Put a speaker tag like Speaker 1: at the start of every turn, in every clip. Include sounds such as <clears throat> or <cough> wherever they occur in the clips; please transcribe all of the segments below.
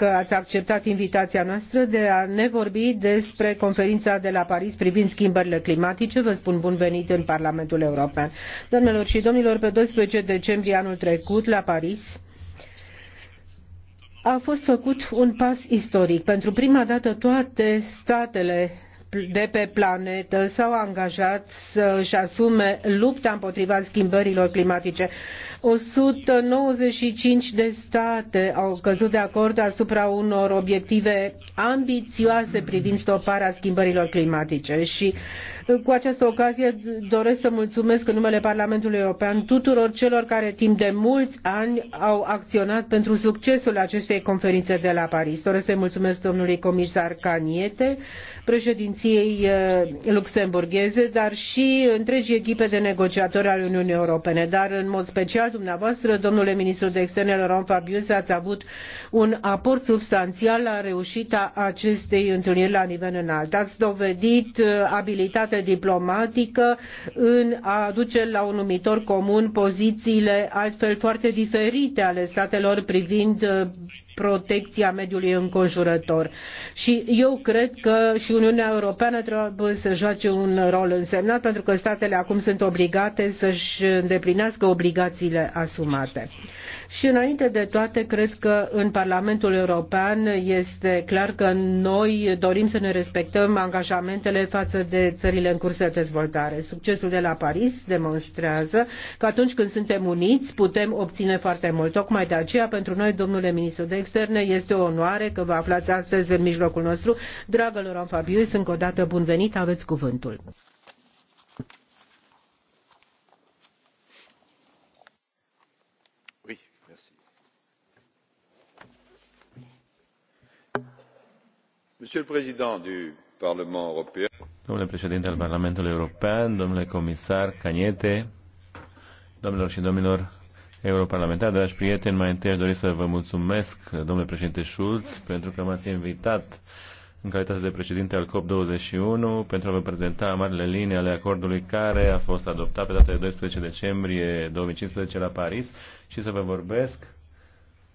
Speaker 1: că ați acceptat invitația noastră de a ne vorbi despre conferința de la Paris privind schimbările climatice. Vă spun bun venit în Parlamentul European. Doamnelor și domnilor, pe 12 decembrie anul trecut la Paris, a fost făcut un pas istoric. Pentru prima dată toate statele de pe planetă s-au angajat să își asume lupta împotriva schimbărilor climatice. 195 de state au căzut de acord asupra unor obiective ambițioase privind stoparea schimbărilor climatice și cu această ocazie doresc să mulțumesc în numele Parlamentului European tuturor celor care timp de mulți ani au acționat pentru succesul acestei conferințe de la Paris. Doresc să-i mulțumesc domnului comisar Caniete, președinției eh, luxemburgheze, dar și întregii echipe de negociatori ale Uniunii Europene. Dar în mod special dumneavoastră, domnule ministru de externe Laurent Fabius, ați avut un aport substanțial la reușita acestei întâlniri la nivel înalt. Ați dovedit uh, abilitate diplomatică în a aduce la un numitor comun pozițiile altfel foarte diferite ale statelor privind uh, protecția mediului înconjurător. Și eu cred că și Uniunea Europeană trebuie să joace un rol însemnat, pentru că statele acum sunt obligate să-și îndeplinească obligațiile asumate. Și înainte de toate, cred că în Parlamentul European este clar că noi dorim să ne respectăm angajamentele față de țările în curs de dezvoltare. Succesul de la Paris demonstrează că atunci când suntem uniți putem obține foarte mult. Tocmai de aceea, pentru noi, domnule ministru de externe, este o onoare că vă aflați astăzi în mijlocul nostru. Dragă Laurent Fabius, încă o dată bun venit, aveți cuvântul. Domnule
Speaker 2: președinte al Parlamentului European, domnule comisar caete doamnelor și domnilor europarlamentari, dragi prieteni, mai întâi aș dori să vă mulțumesc, domnule președinte Schulz, pentru că m-ați invitat în calitate de președinte al COP21 pentru a vă prezenta marile linii ale acordului care a fost adoptat pe data de 12 decembrie 2015 la Paris și să vă vorbesc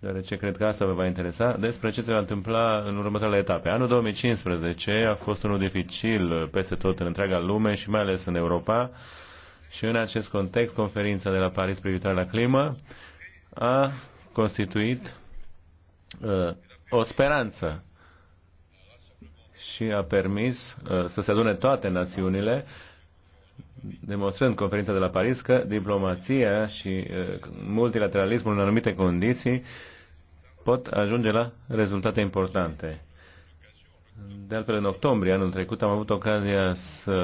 Speaker 2: deoarece cred că asta vă va interesa, despre ce se va întâmpla în următoarele etape. Anul 2015 a fost unul dificil peste tot în întreaga lume și mai ales în Europa și în acest context conferința de la Paris privitoare la climă a constituit uh, o speranță și a permis uh, să se adune toate națiunile demonstrând conferința de la Paris că diplomația și uh, multilateralismul în anumite condiții pot ajunge la rezultate importante. De altfel, în octombrie anul trecut am avut ocazia să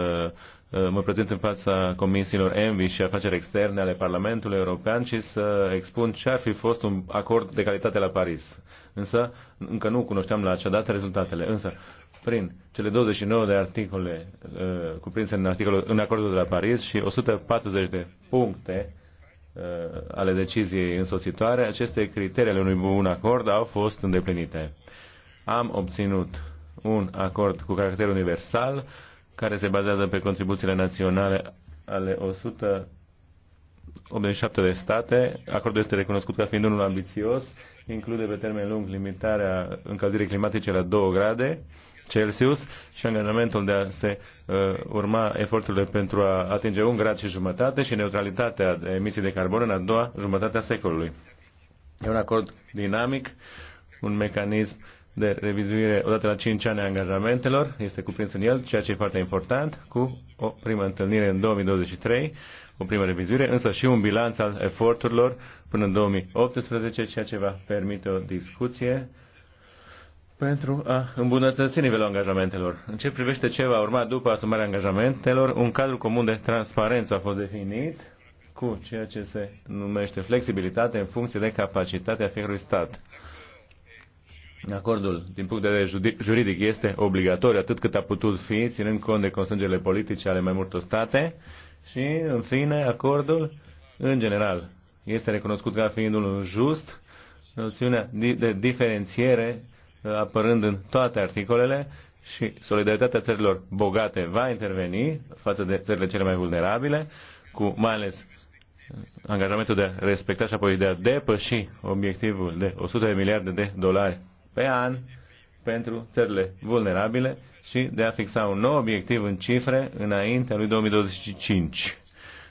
Speaker 2: uh, mă prezint în fața comisiilor ENVI și afaceri externe ale Parlamentului European și să expun ce ar fi fost un acord de calitate la Paris. Însă, încă nu cunoșteam la acea dată rezultatele. Însă, prin cele 29 de articole uh, cuprinse în, articolul, în acordul de la Paris și 140 de puncte Uh, ale deciziei însoțitoare, aceste criterii ale unui bun acord au fost îndeplinite. Am obținut un acord cu caracter universal care se bazează pe contribuțiile naționale ale 187 de state. Acordul este recunoscut ca fiind unul ambițios, include pe termen lung limitarea încălzirii climatice la 2 grade, Celsius și angajamentul de a se uh, urma eforturile pentru a atinge un grad și jumătate și neutralitatea de emisii de carbon în a doua jumătate a secolului. E un acord dinamic, un mecanism de revizuire odată la 5 ani a angajamentelor, este cuprins în el, ceea ce e foarte important, cu o primă întâlnire în 2023, o primă revizuire, însă și un bilanț al eforturilor până în 2018, ceea ce va permite o discuție pentru a îmbunătăți nivelul angajamentelor. În ce privește ce va urma după asumarea angajamentelor, un cadru comun de transparență a fost definit cu ceea ce se numește flexibilitate în funcție de capacitatea fiecărui stat. Acordul, din punct de vedere juridic, este obligatoriu atât cât a putut fi, ținând cont de constrângerile politice ale mai multor state și, în fine, acordul, în general, este recunoscut ca fiind unul just, noțiunea de diferențiere apărând în toate articolele și solidaritatea țărilor bogate va interveni față de țările cele mai vulnerabile, cu mai ales uh, angajamentul de a respecta și apoi de a depăși obiectivul de 100 de miliarde de dolari pe an pentru țările vulnerabile și de a fixa un nou obiectiv în cifre înaintea lui 2025.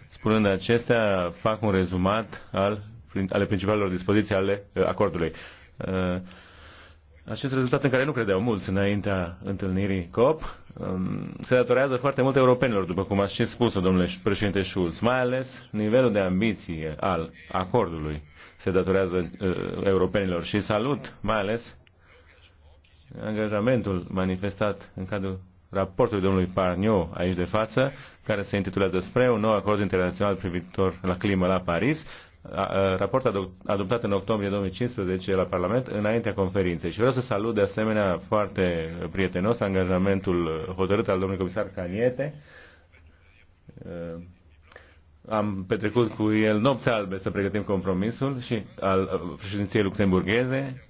Speaker 2: Spunând acestea, fac un rezumat al, ale principalelor dispoziții ale uh, acordului. Uh, acest rezultat în care nu credeau mulți înaintea întâlnirii COP um, se datorează foarte mult europenilor, după cum ați și spus domnule președinte Schulz, mai ales nivelul de ambiție al acordului se datorează uh, europenilor și salut, mai ales angajamentul manifestat în cadrul raportului domnului Parnio aici de față, care se intitulează spre un nou acord internațional privitor la climă la Paris, raport adoptat în octombrie 2015 la Parlament înaintea conferinței. Și vreau să salut de asemenea foarte prietenos angajamentul hotărât al domnului comisar Caniete. Am petrecut cu el nopți albe să pregătim compromisul și al președinției luxemburgheze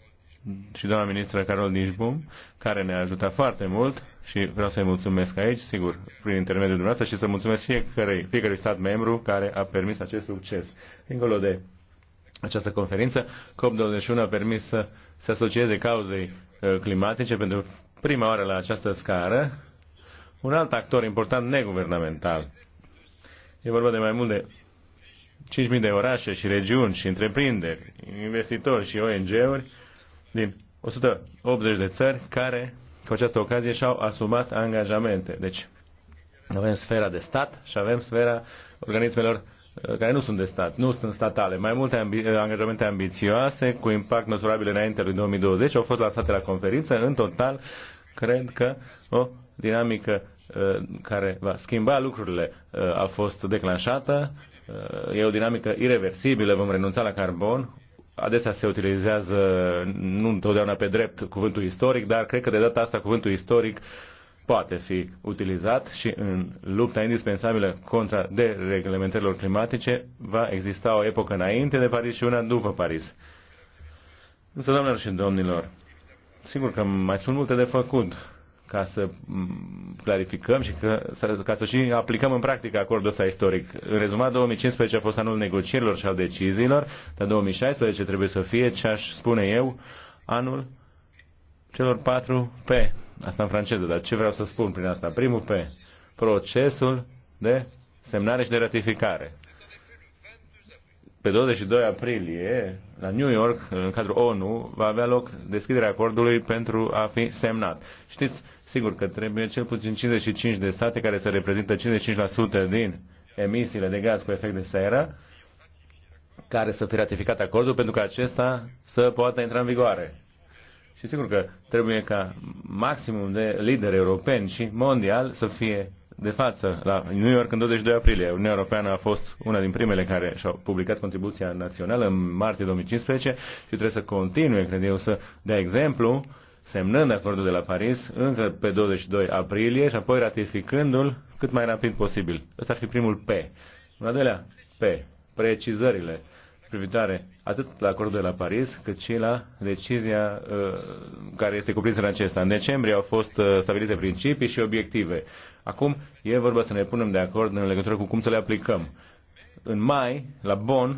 Speaker 2: și doamna ministră Carol Dijbum, care ne-a ajutat foarte mult și vreau să-i mulțumesc aici, sigur, prin intermediul dumneavoastră și să mulțumesc fiecărui, fiecărui stat membru care a permis acest succes. Dincolo de această conferință, COP21 a permis să se asocieze cauzei uh, climatice pentru prima oară la această scară un alt actor important neguvernamental. E vorba de mai mult de 5.000 de orașe și regiuni și întreprinderi, investitori și ONG-uri din 180 de țări care cu această ocazie și-au asumat angajamente. Deci avem sfera de stat și avem sfera organismelor uh, care nu sunt de stat, nu sunt statale. Mai multe ambi- uh, angajamente ambițioase cu impact măsurabil înainte lui 2020 au fost lansate la conferință. În total, cred că o dinamică uh, care va schimba lucrurile a fost declanșată. E o dinamică irreversibilă, vom renunța la carbon, Adesea se utilizează, nu întotdeauna pe drept, cuvântul istoric, dar cred că de data asta cuvântul istoric poate fi utilizat și în lupta indispensabilă contra dereglementărilor climatice va exista o epocă înainte de Paris și una după Paris. Însă, doamnelor și domnilor, sigur că mai sunt multe de făcut ca să clarificăm și ca, ca să și aplicăm în practică acordul ăsta istoric. În rezumat, 2015 a fost anul negocierilor și al deciziilor, dar 2016 trebuie să fie, ce aș spune eu, anul celor patru P. Asta în franceză, dar ce vreau să spun prin asta? Primul P, procesul de semnare și de ratificare pe 22 aprilie, la New York, în cadrul ONU, va avea loc deschiderea acordului pentru a fi semnat. Știți, sigur că trebuie cel puțin 55 de state care să reprezintă 55% din emisiile de gaz cu efect de seră, care să fie ratificat acordul pentru că acesta să poată intra în vigoare. Și sigur că trebuie ca maximum de lideri europeni și mondial să fie de față la New York în 22 aprilie. Uniunea Europeană a fost una din primele care și-au publicat contribuția națională în martie 2015 și trebuie să continue, cred eu, să dea exemplu semnând acordul de la Paris încă pe 22 aprilie și apoi ratificându-l cât mai rapid posibil. Ăsta ar fi primul P. În al doilea P. Precizările privitoare atât la acordul de la Paris, cât și la decizia uh, care este cuprinsă în acesta. În decembrie au fost uh, stabilite principii și obiective. Acum e vorba să ne punem de acord în legătură cu cum să le aplicăm. În mai, la Bonn,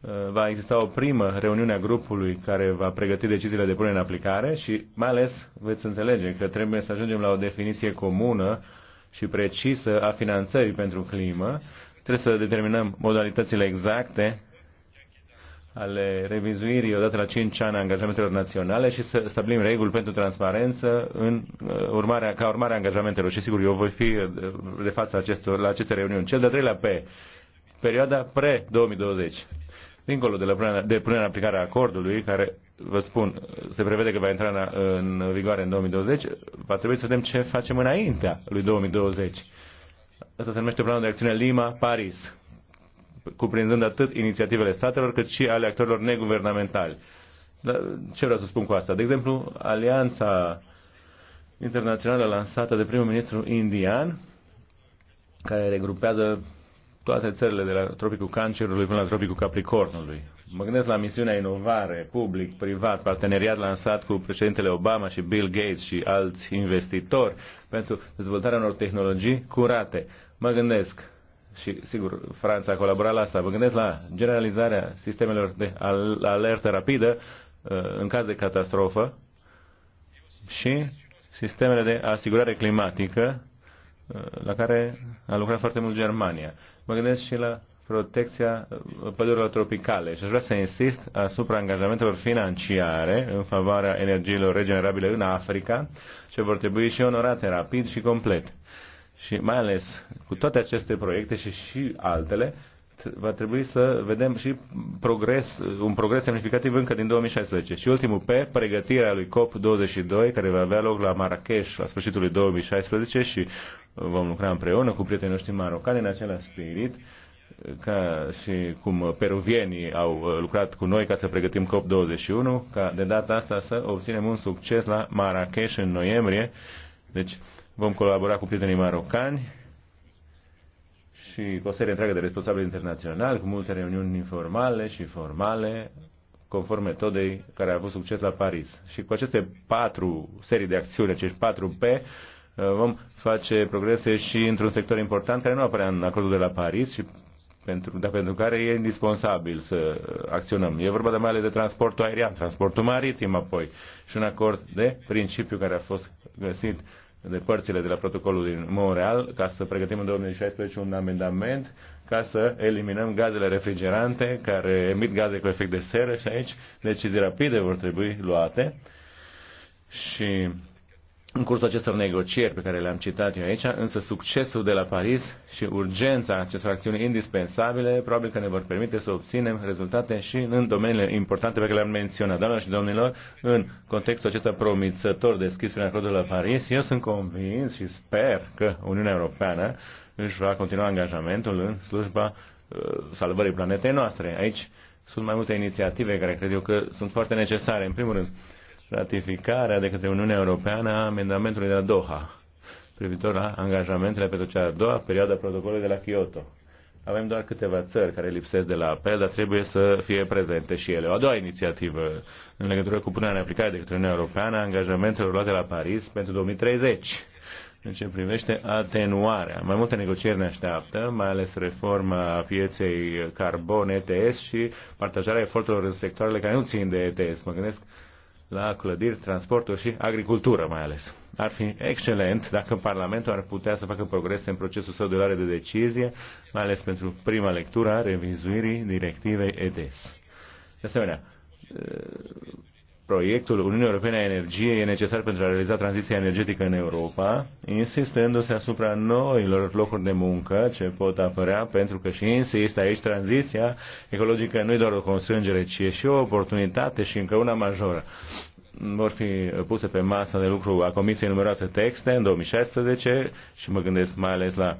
Speaker 2: uh, va exista o primă reuniune a grupului care va pregăti deciziile de punere în aplicare și mai ales veți înțelege că trebuie să ajungem la o definiție comună și precisă a finanțării pentru climă. Trebuie să determinăm modalitățile exacte ale revizuirii odată la 5 ani a angajamentelor naționale și să stabilim reguli pentru transparență în uh, urmarea, ca urmare a angajamentelor. Și sigur, eu voi fi uh, de față acestor, la aceste reuniuni. Cel de-al treilea P, perioada pre-2020. Dincolo de, la până, de punerea în aplicarea acordului, care, vă spun, se prevede că va intra în, în vigoare în 2020, va trebui să vedem ce facem înaintea lui 2020. Asta se numește planul de acțiune Lima-Paris cuprinzând atât inițiativele statelor cât și ale actorilor neguvernamentali. Dar ce vreau să spun cu asta? De exemplu, alianța internațională lansată de primul ministru indian, care regrupează toate țările de la tropicul Cancerului până la tropicul Capricornului. Mă gândesc la misiunea inovare, public, privat, parteneriat lansat cu președintele Obama și Bill Gates și alți investitori pentru dezvoltarea unor tehnologii curate. Mă gândesc și sigur, Franța a colaborat la asta. Vă gândesc la generalizarea sistemelor de alertă rapidă uh, în caz de catastrofă și sistemele de asigurare climatică uh, la care a lucrat foarte mult Germania. Mă gândesc și la protecția uh, pădurilor tropicale și aș vrea să insist asupra angajamentelor financiare în favoarea energiilor regenerabile în Africa, ce vor trebui și onorate rapid și complet. Și mai ales cu toate aceste proiecte și și altele, va trebui să vedem și progres, un progres semnificativ încă din 2016. Și ultimul P, pregătirea lui COP22, care va avea loc la Marrakesh la sfârșitul lui 2016 și vom lucra împreună cu prietenii noștri marocani în același spirit ca și cum peruvienii au lucrat cu noi ca să pregătim COP21, ca de data asta să obținem un succes la Marrakesh în noiembrie. Deci Vom colabora cu prietenii marocani și cu o serie întreagă de responsabili internaționali, cu multe reuniuni informale și formale, conform metodei care a avut succes la Paris. Și cu aceste patru serii de acțiuni, acești patru P, uh, vom face progrese și într-un sector important care nu apărea în acordul de la Paris și pentru, dar pentru care e indispensabil să acționăm. E vorba de mai ales de transportul aerian, transportul maritim apoi și un acord de principiu care a fost găsit de părțile de la protocolul din Montreal ca să pregătim în 2016 un amendament ca să eliminăm gazele refrigerante care emit gaze cu efect de seră și aici decizii rapide vor trebui luate și în cursul acestor negocieri pe care le-am citat eu aici, însă succesul de la Paris și urgența acestor acțiuni indispensabile probabil că ne vor permite să obținem rezultate și în domeniile importante pe care le-am menționat. Doamnelor și domnilor, în contextul acesta promițător deschis prin acordul la Paris, eu sunt convins și sper că Uniunea Europeană își va continua angajamentul în slujba uh, salvării planetei noastre. Aici sunt mai multe inițiative care cred eu că sunt foarte necesare. În primul rând, ratificarea de către Uniunea Europeană a amendamentului de la Doha privitor la angajamentele pentru cea a doua perioadă a protocolului de la Kyoto. Avem doar câteva țări care lipsesc de la apel, dar trebuie să fie prezente și ele. O a doua inițiativă în legătură cu punerea în aplicare de către Uniunea Europeană a angajamentelor luate la Paris pentru 2030 în ce privește atenuarea. Mai multe negocieri ne așteaptă, mai ales reforma pieței carbon ETS și partajarea eforturilor în sectoarele care nu țin de ETS. Mă gândesc la clădiri, transporturi și agricultură mai ales. Ar fi excelent dacă Parlamentul ar putea să facă progrese în procesul său de luare de decizie, mai ales pentru prima lectură a revizuirii directivei EDES. De asemenea, proiectul Uniunii Europene a Energiei e necesar pentru a realiza tranziția energetică în Europa, insistându-se asupra noilor locuri de muncă ce pot apărea, pentru că și insist aici tranziția ecologică nu e doar o constrângere, ci e și o oportunitate și încă una majoră. Vor fi puse pe masa de lucru a Comisiei numeroase texte în 2016 și mă gândesc mai ales la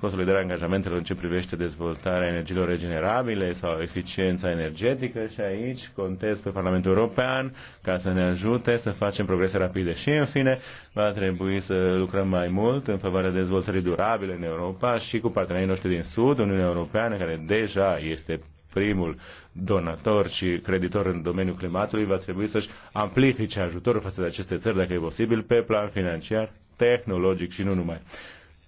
Speaker 2: consolidarea angajamentelor în ce privește dezvoltarea energiilor regenerabile sau eficiența energetică și aici contez pe Parlamentul European ca să ne ajute să facem progrese rapide și în fine va trebui să lucrăm mai mult în favoarea dezvoltării durabile în Europa și cu partenerii noștri din Sud, Uniunea Europeană, care deja este primul donator și creditor în domeniul climatului, va trebui să-și amplifice ajutorul față de aceste țări, dacă e posibil, pe plan financiar, tehnologic și nu numai.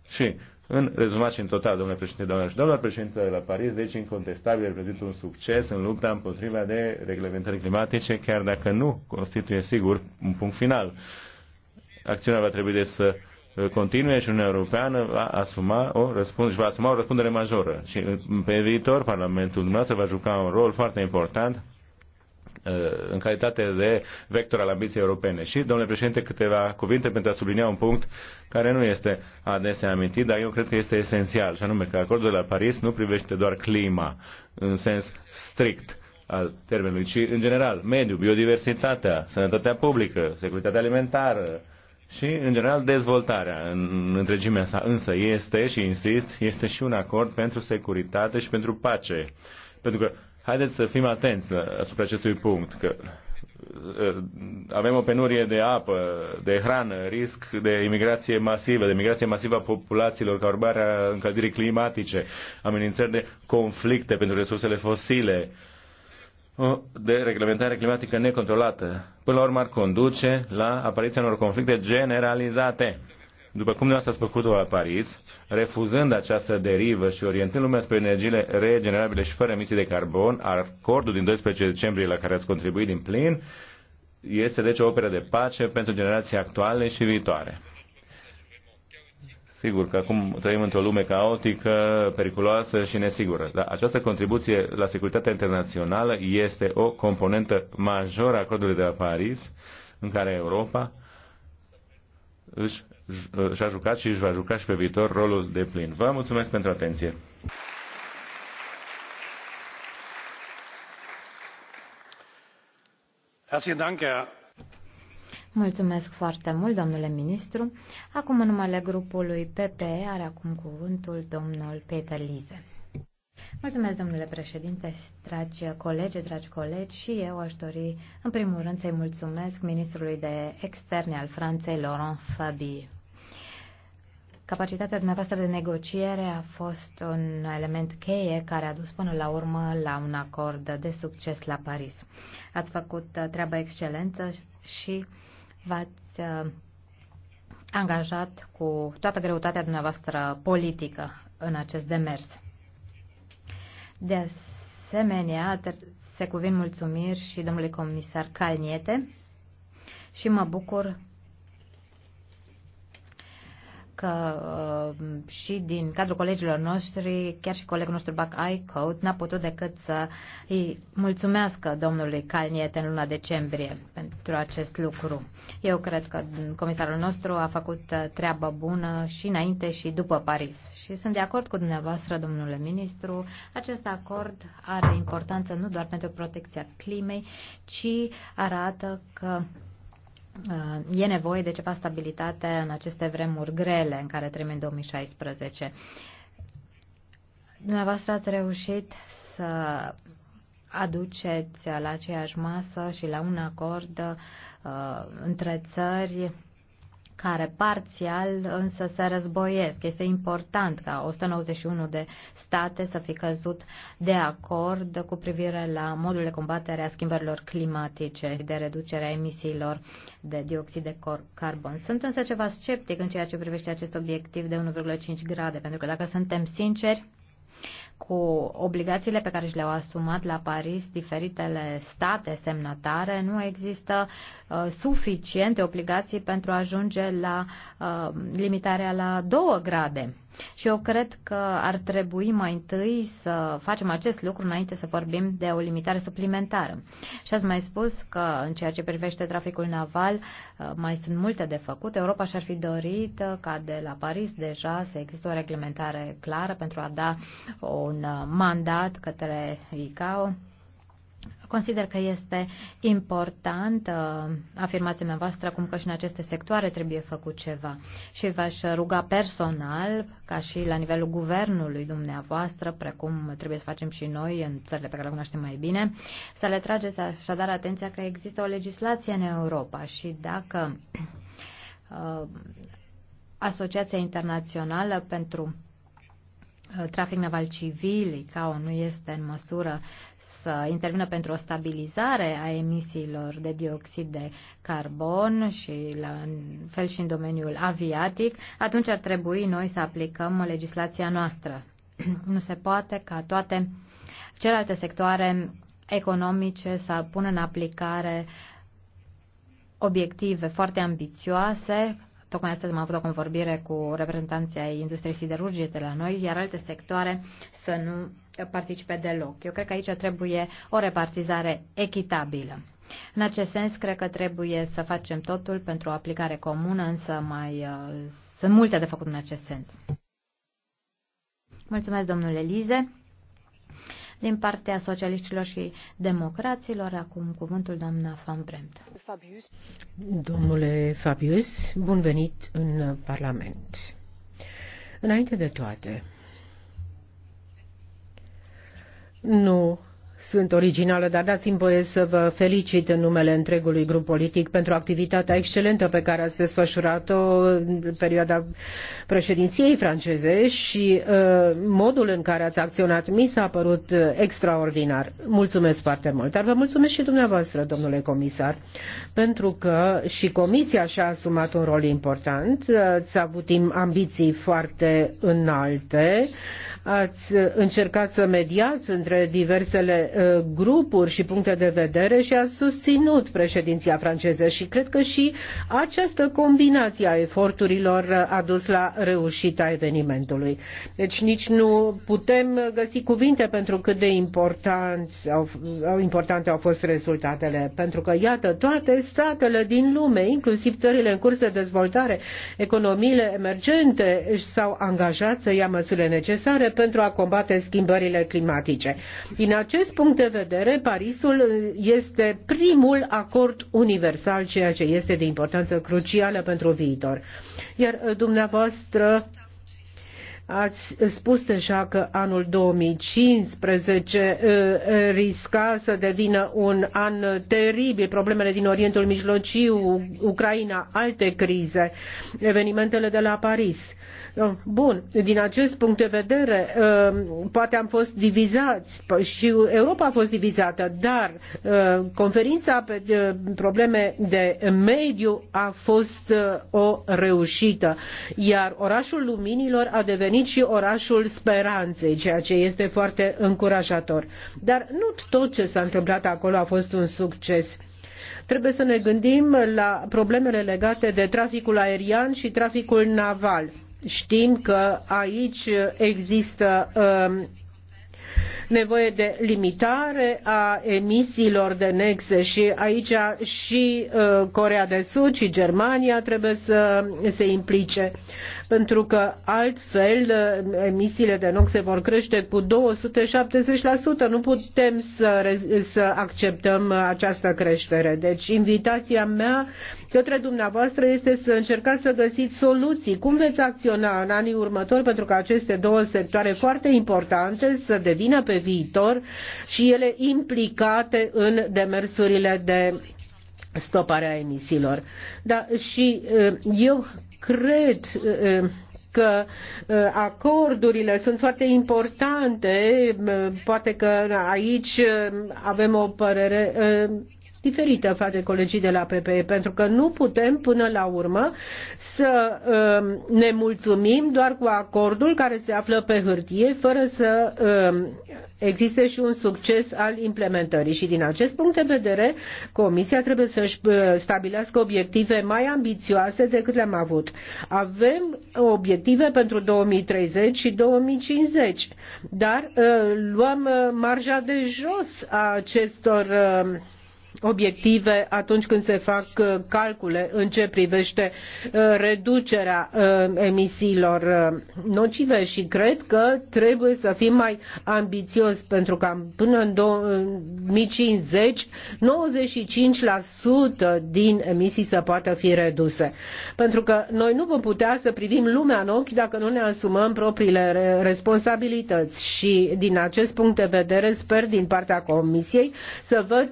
Speaker 2: Și în rezumat și în total, domnule președinte, doamnelor și domnilor, președintele la Paris, deci incontestabil reprezintă un succes în lupta împotriva de reglementări climatice, chiar dacă nu constituie sigur un punct final. Acțiunea va trebui de să uh, continue și Uniunea Europeană va asuma o răspund, va asuma o răspundere majoră. Și uh, pe viitor, Parlamentul dumneavoastră va juca un rol foarte important Uh, în calitate de vector al ambiției europene. Și, domnule președinte, câteva cuvinte pentru a sublinia un punct care nu este adesea amintit, dar eu cred că este esențial, și anume că acordul de la Paris nu privește doar clima în sens strict al termenului, ci în general mediul, biodiversitatea, sănătatea publică, securitatea alimentară, și, în general, dezvoltarea în întregimea sa. Însă este, și insist, este și un acord pentru securitate și pentru pace. Pentru că Haideți să fim atenți asupra acestui punct, că uh, avem o penurie de apă, de hrană, risc de imigrație masivă, de imigrație masivă a populațiilor ca urmare a încălzirii climatice, amenințări de conflicte pentru resursele fosile, de reglementare climatică necontrolată. Până la urmă ar conduce la apariția unor conflicte generalizate după cum dumneavoastră ați făcut-o la Paris, refuzând această derivă și orientând lumea spre energiile regenerabile și fără emisii de carbon, acordul din 12 decembrie la care ați contribuit din plin, este deci o operă de pace pentru generații actuale și viitoare. Sigur că acum trăim într-o lume caotică, periculoasă și nesigură, dar această contribuție la securitatea internațională este o componentă majoră a acordului de la Paris, în care Europa își Uh, și-a jucat și își va juca și pe viitor rolul de plin. Vă mulțumesc pentru atenție!
Speaker 3: Mulțumesc foarte mult, domnule ministru. Acum, în numele grupului PPE, are acum cuvântul domnul Peter Lize. Mulțumesc, domnule președinte, dragi colegi, dragi colegi, și eu aș dori, în primul rând, să-i mulțumesc ministrului de externe al Franței, Laurent Fabie. Capacitatea dumneavoastră de negociere a fost un element cheie care a dus până la urmă la un acord de succes la Paris. Ați făcut uh, treaba excelentă și v-ați uh, angajat cu toată greutatea dumneavoastră politică în acest demers. De asemenea, se cuvin mulțumiri și domnului comisar Calniete și mă bucur că uh, și din cadrul colegilor noștri, chiar și colegul nostru Bac iCode, n-a putut decât să îi mulțumească domnului Calniet în luna decembrie pentru acest lucru. Eu cred că comisarul nostru a făcut uh, treabă bună și înainte și după Paris. Și sunt de acord cu dumneavoastră, domnule ministru, acest acord are importanță nu doar pentru protecția climei, ci arată că Uh, e nevoie de ceva stabilitate în aceste vremuri grele în care trăim în 2016. Dumneavoastră ați reușit să aduceți la aceeași masă și la un acord uh, între țări care parțial însă se războiesc. Este important ca 191 de state să fi căzut de acord cu privire la modul de combatere a schimbărilor climatice și de reducerea emisiilor de dioxid de carbon. Sunt însă ceva sceptic în ceea ce privește acest obiectiv de 1,5 grade, pentru că dacă suntem sinceri, cu obligațiile pe care și le-au asumat la Paris diferitele state semnatare, nu există uh, suficiente obligații pentru a ajunge la uh, limitarea la 2 grade. Și eu cred că ar trebui mai întâi să facem acest lucru înainte să vorbim de o limitare suplimentară. Și ați mai spus că în ceea ce privește traficul naval uh, mai sunt multe de făcut. Europa și-ar fi dorit uh, ca de la Paris deja să există o reglementare clară pentru a da un uh, mandat către ICAO Consider că este important uh, afirmația mea voastră cum că și în aceste sectoare trebuie făcut ceva și v-aș ruga personal ca și la nivelul guvernului dumneavoastră, precum trebuie să facem și noi în țările pe care le cunoaștem mai bine, să le trageți așadar atenția că există o legislație în Europa și dacă uh, Asociația Internațională pentru uh, Trafic Naval Civil, ICAO, nu este în măsură să intervină pentru o stabilizare a emisiilor de dioxid de carbon și la fel și în domeniul aviatic, atunci ar trebui noi să aplicăm legislația noastră. <clears throat> Nu se poate ca toate celelalte sectoare economice să pună în aplicare obiective foarte ambițioase Tocmai astăzi am avut o convorbire cu reprezentanții ai industriei siderurgice de la noi, iar alte sectoare să nu participe deloc. Eu cred că aici trebuie o repartizare echitabilă. În acest sens, cred că trebuie să facem totul pentru o aplicare comună, însă mai uh, sunt multe de făcut în acest sens. Mulțumesc, domnule Lize din partea socialiștilor și democraților. Acum cuvântul doamna Van Bremt. Fabius.
Speaker 1: Domnule Fabius, bun venit în Parlament. Înainte de toate, nu sunt originală, dar dați-mi voie să vă felicit în numele întregului grup politic pentru activitatea excelentă pe care ați desfășurat-o în perioada președinției franceze și uh, modul în care ați acționat mi s-a părut uh, extraordinar. Mulțumesc foarte mult, dar vă mulțumesc și dumneavoastră, domnule comisar, pentru că și comisia și-a asumat un rol important, uh, ați avut ambiții foarte înalte, ați încercat să mediați între diversele uh, grupuri și puncte de vedere și ați susținut președinția franceză și cred că și această combinație a eforturilor a dus la reușita evenimentului. Deci nici nu putem găsi cuvinte pentru cât de importanți au, importante au fost rezultatele, pentru că iată toate statele din lume, inclusiv țările în curs de dezvoltare, economiile emergente s-au angajat să ia măsurile necesare pentru a combate schimbările climatice. Din acest punct de vedere, Parisul este primul acord universal, ceea ce este de importanță crucială pentru viitor. Iar uh, dumneavoastră Ați spus deja că anul 2015 uh, uh, risca să devină un an teribil, problemele din Orientul Mijlociu, Ucraina, alte crize, evenimentele de la Paris. Uh, bun, din acest punct de vedere, uh, poate am fost divizați și Europa a fost divizată, dar uh, conferința pe probleme de mediu a fost o reușită, iar orașul luminilor a devenit și orașul speranței, ceea ce este foarte încurajator. Dar nu tot ce s-a întâmplat acolo a fost un succes trebuie să ne gândim la problemele legate de traficul aerian și traficul naval. Știm că aici există um, nevoie de limitare a emisiilor de nexe și aici și uh, Coreea de Sud și Germania trebuie să se implice pentru că altfel uh, emisiile de NOx se vor crește cu 270%. Nu putem să, să acceptăm această creștere. Deci invitația mea către dumneavoastră este să încercați să găsiți soluții. Cum veți acționa în anii următori pentru că aceste două sectoare foarte importante să devină pe viitor și ele implicate în demersurile de stoparea emisiilor. Da, și uh, eu cred uh, uh, că uh, acordurile sunt foarte importante. Poate că aici avem o părere diferită față de colegii de la PPE, pentru că nu putem până la urmă să um, ne mulțumim doar cu acordul care se află pe hârtie, fără să um, existe și un succes al implementării. Și din acest punct de vedere, Comisia trebuie să-și uh, stabilească obiective mai ambițioase decât le-am avut. Avem obiective pentru 2030 și 2050, dar uh, luăm uh, marja de jos a acestor obiective atunci când se fac uh, calcule în ce privește uh, reducerea uh, emisiilor nocive și cred că trebuie să fim mai ambițios pentru că până în 2050 95% din emisii să poată fi reduse. Pentru că noi nu vom putea să privim lumea în ochi dacă nu ne asumăm propriile responsabilități și din acest punct de vedere sper din partea Comisiei să văd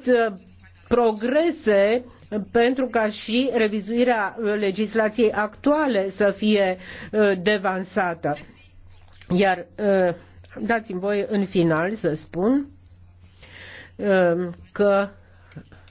Speaker 1: progrese pentru ca și revizuirea uh, legislației actuale să fie uh, devansată. Iar uh, dați-mi voi în final să spun că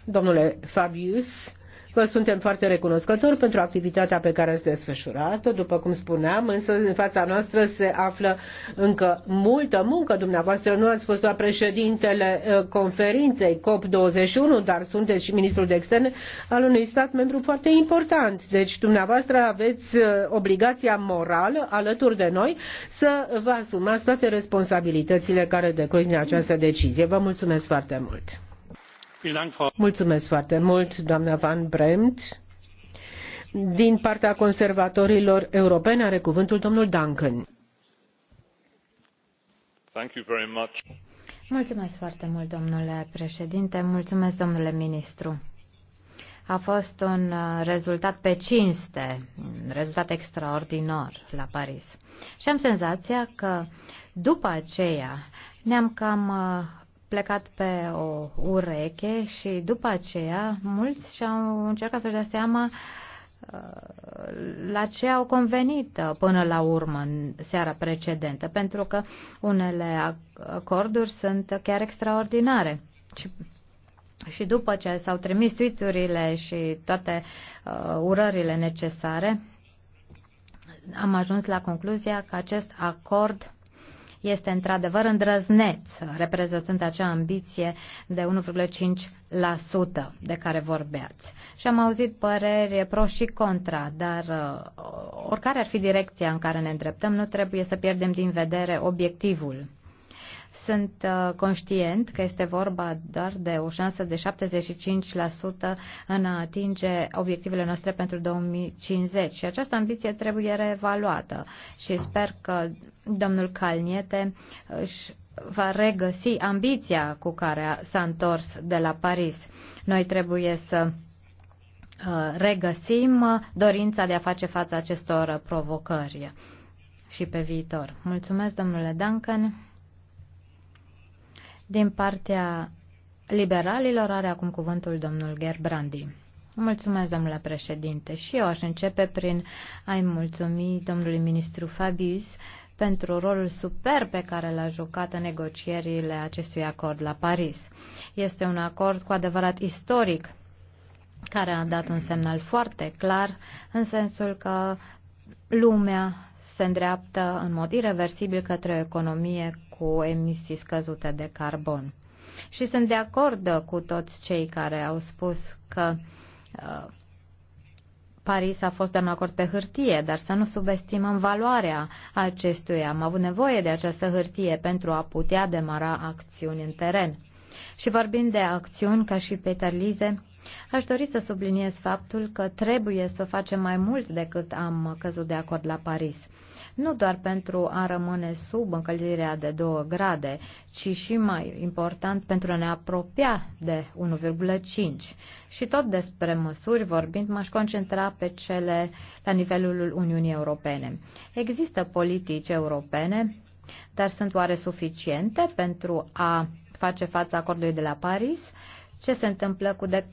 Speaker 1: domnule Fabius Vă suntem foarte recunoscători pentru activitatea pe care ați desfășurat-o. După cum spuneam, însă în fața noastră se află încă multă muncă. Dumneavoastră nu ați fost doar președintele uh, conferinței COP21, dar sunteți și ministrul de externe al unui stat membru foarte important. Deci dumneavoastră aveți uh, obligația morală alături de noi să vă asumați toate responsabilitățile care decurg din această decizie. Vă mulțumesc foarte mult! Mulțumesc foarte mult, doamna Van Bremt. Din partea conservatorilor europeni are cuvântul domnul Duncan.
Speaker 3: Thank you very much. Mulțumesc foarte mult, domnule președinte. Mulțumesc, domnule ministru. A fost un uh, rezultat pe cinste, un rezultat extraordinar la Paris. Și am senzația că după aceea ne-am cam uh, plecat pe o ureche și după aceea mulți și-au încercat să-și dea seama uh, la ce au convenit uh, până la urmă în seara precedentă, pentru că unele acorduri sunt chiar extraordinare. Și, și după ce s-au trimis tuiturile și toate uh, urările necesare, am ajuns la concluzia că acest acord este într-adevăr îndrăzneț, reprezentând acea ambiție de 1,5% de care vorbeați. Și am auzit păreri pro și contra, dar uh, oricare ar fi direcția în care ne îndreptăm, nu trebuie să pierdem din vedere obiectivul sunt uh, conștient că este vorba doar de o șansă de 75% în a atinge obiectivele noastre pentru 2050 și această ambiție trebuie reevaluată și sper că domnul Calniete uh, își va regăsi ambiția cu care s-a întors de la Paris. Noi trebuie să uh, regăsim dorința de a face față acestor provocări și pe viitor. Mulțumesc, domnule Duncan. Din partea liberalilor are acum cuvântul domnul Gerbrandi. Mulțumesc, domnule președinte. Și eu aș începe prin a-i mulțumi domnului ministru Fabius pentru rolul super pe care l-a jucat în negocierile acestui acord la Paris. Este un acord cu adevărat istoric, care a dat un semnal foarte clar în sensul că lumea se îndreaptă în mod irreversibil către o economie cu emisii scăzute de carbon. Și sunt de acord cu toți cei care au spus că uh, Paris a fost un acord pe hârtie, dar să nu subestimăm valoarea acestuia. Am avut nevoie de această hârtie pentru a putea demara acțiuni în teren. Și vorbind de acțiuni, ca și Peter Lize, aș dori să subliniez faptul că trebuie să facem mai mult decât am căzut de acord la Paris nu doar pentru a rămâne sub încălzirea de 2 grade, ci și mai important pentru a ne apropia de 1,5. Și tot despre măsuri vorbind, m-aș concentra pe cele la nivelul Uniunii Europene. Există politici europene, dar sunt oare suficiente pentru a face față acordului de la Paris? Ce se întâmplă cu de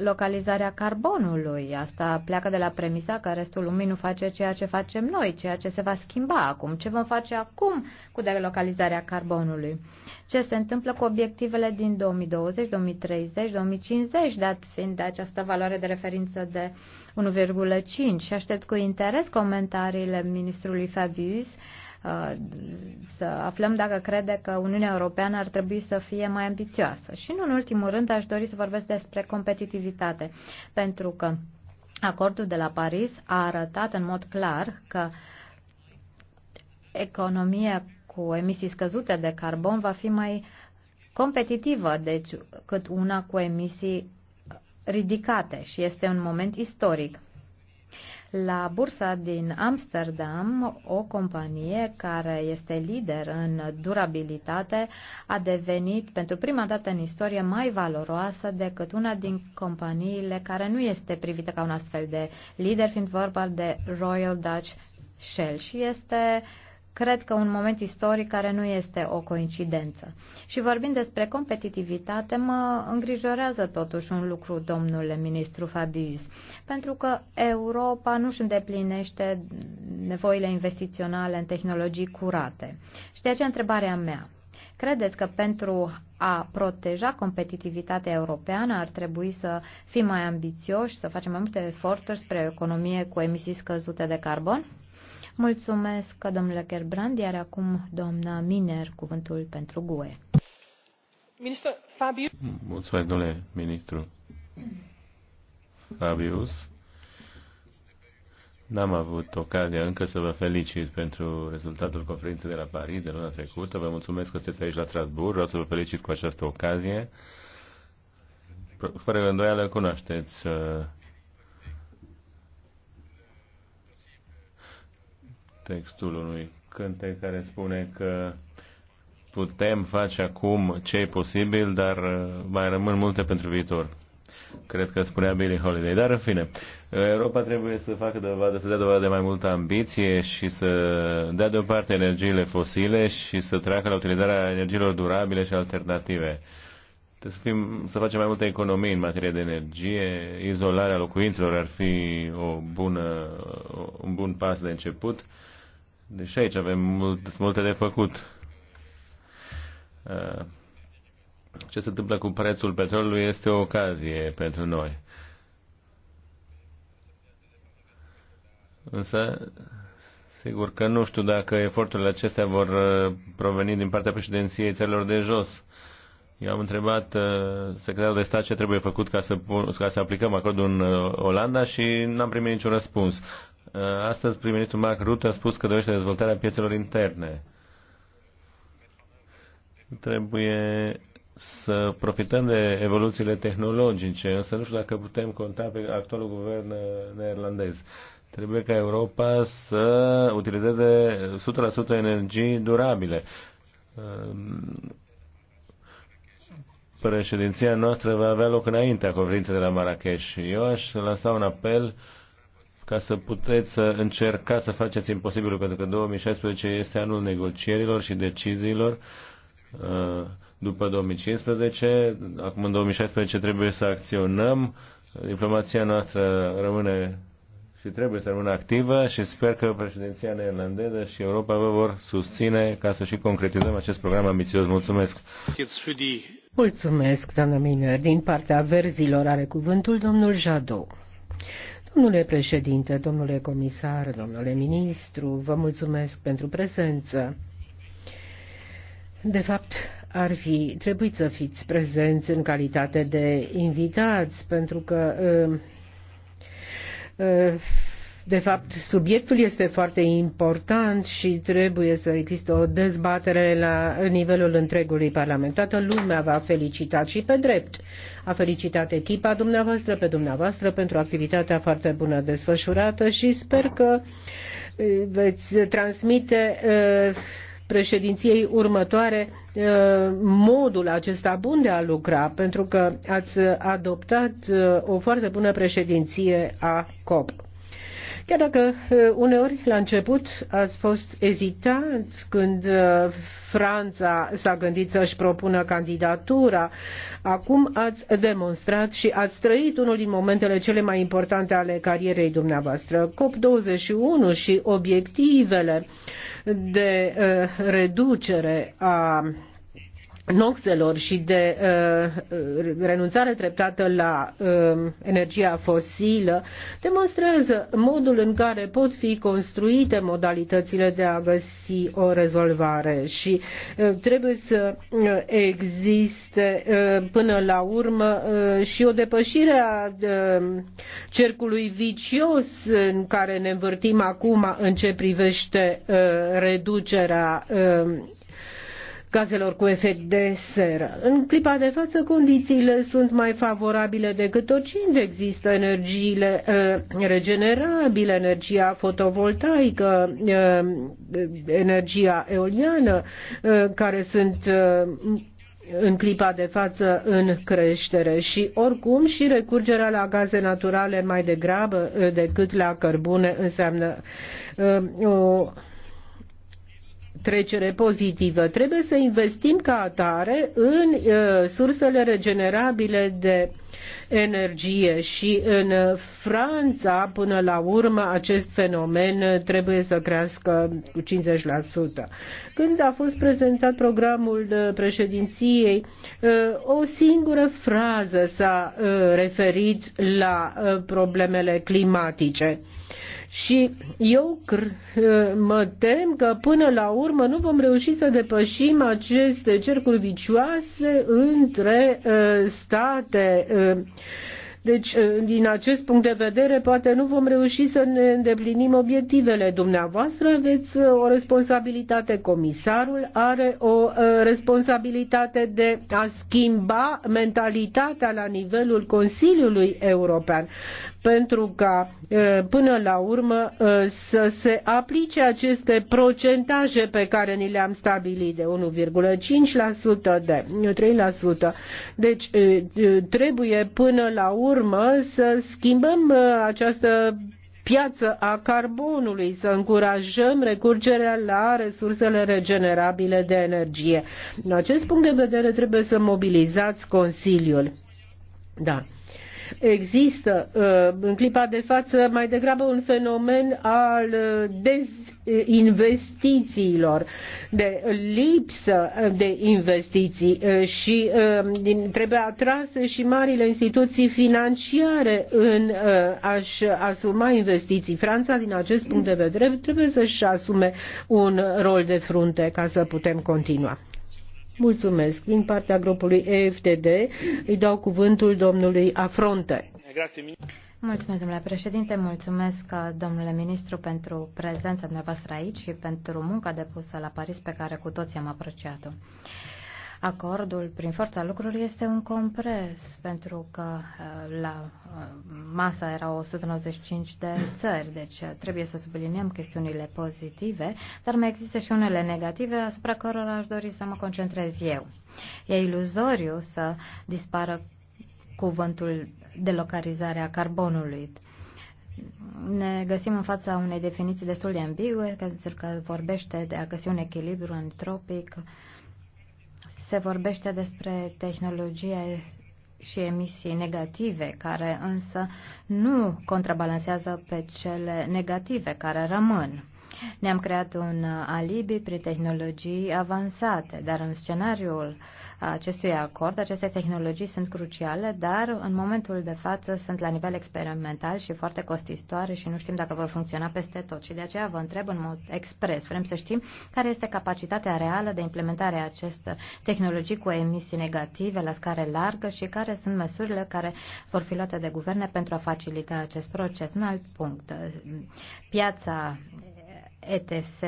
Speaker 3: localizarea carbonului. Asta pleacă de la premisa că restul lumii nu face ceea ce facem noi, ceea ce se va schimba acum. Ce vom face acum cu delocalizarea carbonului? Ce se întâmplă cu obiectivele din 2020, 2030, 2050, dat fiind de această valoare de referință de 1,5? Și aștept cu interes comentariile ministrului Fabius Uh, să aflăm dacă crede că Uniunea Europeană ar trebui să fie mai ambițioasă. Și nu în ultimul rând aș dori să vorbesc despre competitivitate, pentru că acordul de la Paris a arătat în mod clar că economia cu emisii scăzute de carbon va fi mai competitivă, deci cât una cu emisii ridicate și este un moment istoric la bursa din Amsterdam, o companie care este lider în durabilitate a devenit pentru prima dată în istorie mai valoroasă decât una din companiile care nu este privită ca un astfel de lider, fiind vorba de Royal Dutch Shell și este uh, cred că un moment istoric care nu este o coincidență. Și vorbind despre competitivitate, mă îngrijorează totuși un lucru, domnule ministru Fabius, pentru că Europa nu își îndeplinește nevoile investiționale în tehnologii curate. Și de aceea întrebarea mea, credeți că pentru a proteja competitivitatea europeană ar trebui să fim mai ambițioși, să facem mai multe eforturi spre o economie cu emisii scăzute de carbon? Mulțumesc, domnule Gerbrand, iar acum doamna Miner, cuvântul pentru GUE. Minister
Speaker 1: Fabius.
Speaker 2: Mulțumesc, domnule ministru. Fabius. N-am avut ocazia încă să vă felicit pentru rezultatul conferinței de la Paris de luna trecută. Vă mulțumesc că sunteți aici la Strasbourg. Vreau să vă felicit cu această ocazie. Fără îndoială cunoașteți uh, textul unui cântec care spune că putem face acum ce e posibil, dar uh, mai rămân multe pentru viitor. Cred că spunea Billy Holiday. Dar, în fine, Europa trebuie să facă dovadă, să dea dovadă de mai multă ambiție și să dea deoparte energiile fosile și să treacă la utilizarea energiilor durabile și alternative. Trebuie să, fim, să facem mai multe economii în materie de energie, izolarea locuințelor ar fi o bună, un bun pas de început deci aici avem mult, multe de făcut. Uh, ce se întâmplă cu prețul petrolului este o ocazie pentru noi. Însă, sigur că nu știu dacă eforturile acestea vor uh, proveni din partea președinției țărilor de jos. Eu am întrebat uh, secretarul de stat ce trebuie făcut ca să, ca să aplicăm acordul în Olanda și n-am primit niciun răspuns. Uh, astăzi prim-ministru Mark Rutte a spus că dorește dezvoltarea piețelor interne. Trebuie să profităm de evoluțiile tehnologice, însă nu știu dacă putem conta pe actualul guvern uh, neerlandez. Trebuie ca Europa să utilizeze 100% energii durabile. Uh, președinția noastră va avea loc înaintea conferinței de la Marrakesh. Eu aș lansa un apel uh, ca să puteți să încercați să faceți imposibilul, pentru că 2016 este anul negocierilor și deciziilor uh, după 2015. Acum în 2016 trebuie să acționăm. Diplomația noastră rămâne și trebuie să rămână activă și sper că președinția neerlandeză și Europa vă vor susține ca să și concretizăm acest program ambițios. Mulțumesc!
Speaker 1: Mulțumesc, doamnă Miner. Din partea verzilor are cuvântul domnul Jadot. Domnule președinte, domnule comisar, domnule ministru, vă mulțumesc pentru prezență. De fapt, ar fi trebuit să fiți prezenți în calitate de invitați, pentru că uh, uh, de fapt, subiectul este foarte important și trebuie să existe o dezbatere la nivelul întregului Parlament. Toată lumea va felicita și pe drept. A felicitat echipa dumneavoastră pe dumneavoastră pentru activitatea foarte bună desfășurată și sper că uh, veți transmite uh, președinției următoare uh, modul acesta bun de a lucra, pentru că ați adoptat o foarte bună președinție a COP. Chiar dacă eh, uneori la început ați fost ezitant când eh, Franța s-a gândit să-și propună candidatura, acum ați demonstrat și ați trăit unul din momentele cele mai importante ale carierei dumneavoastră. COP21 și obiectivele de eh, reducere a noxelor și de uh, renunțare treptată la uh, energia fosilă demonstrează modul în care pot fi construite modalitățile de a găsi o rezolvare și uh, trebuie să uh, existe uh, până la urmă uh, și o depășire a uh, cercului vicios în care ne învârtim acum în ce privește uh, reducerea uh, gazelor cu efect de seră. În clipa de față, condițiile sunt mai favorabile decât oricând. Există energiile uh, regenerabile, energia fotovoltaică, uh, energia eoliană, uh, care sunt uh, în clipa de față în creștere și oricum și recurgerea la gaze naturale mai degrabă uh, decât la cărbune înseamnă uh, o trecere pozitivă. Trebuie să investim ca atare în uh, sursele regenerabile de energie și în Franța, până la urmă, acest fenomen trebuie să crească cu 50%. Când a fost prezentat programul uh, președinției, uh, o singură frază s-a referit la problemele climatice. Și eu mă tem că până la urmă nu vom reuși să depășim aceste cercuri vicioase între uh, state. Uh, deci, uh, din acest punct de vedere, poate nu vom reuși să ne îndeplinim obiectivele. Dumneavoastră aveți o responsabilitate, comisarul are o responsabilitate de a schimba mentalitatea la nivelul Consiliului European pentru ca până la urmă să se aplice aceste procentaje pe care ni le-am stabilit de 1,5%, de 3%. Deci trebuie până la urmă să schimbăm această piață a carbonului, să încurajăm recurgerea la resursele regenerabile de energie. În acest punct de vedere trebuie să mobilizați Consiliul. Da. Există uh, în clipa de față mai degrabă un fenomen al uh, dezinvestițiilor, de lipsă de investiții uh, și trebuie atrase și marile instituții financiare în a-și asuma investiții. Franța, din acest punct de vedere, trebuie să-și asume un rol de frunte ca să putem continua. Mulțumesc. Din partea grupului EFTD îi dau cuvântul domnului Afronte.
Speaker 3: Mulțumesc, domnule președinte, mulțumesc, uh, domnule ministru, pentru prezența dumneavoastră aici și pentru munca depusă la Paris, pe care cu toții am apreciat-o. Acordul, prin forța lucrurilor, este un compres, pentru că uh, la uh, masa erau 195 de țări, deci uh, trebuie să subliniem chestiunile pozitive, dar mai există și unele negative asupra cărora aș dori să mă concentrez eu. E iluzoriu să dispară cuvântul de localizare a carbonului. Ne găsim în fața unei definiții destul de ambigue, pentru că vorbește de a găsi un echilibru antropic se vorbește despre tehnologie și emisii negative, care însă nu contrabalansează pe cele negative care rămân. Ne-am creat un alibi prin tehnologii avansate, dar în scenariul acestui acord. Aceste tehnologii sunt cruciale, dar în momentul de față sunt la nivel experimental și foarte costisitoare și nu știm dacă vor funcționa peste tot. Și de aceea vă întreb în mod expres. Vrem să știm care este capacitatea reală de implementare a acestor tehnologii cu emisii negative la scară largă și care sunt măsurile care vor fi luate de guverne pentru a facilita acest proces. Un alt punct. Piața ETS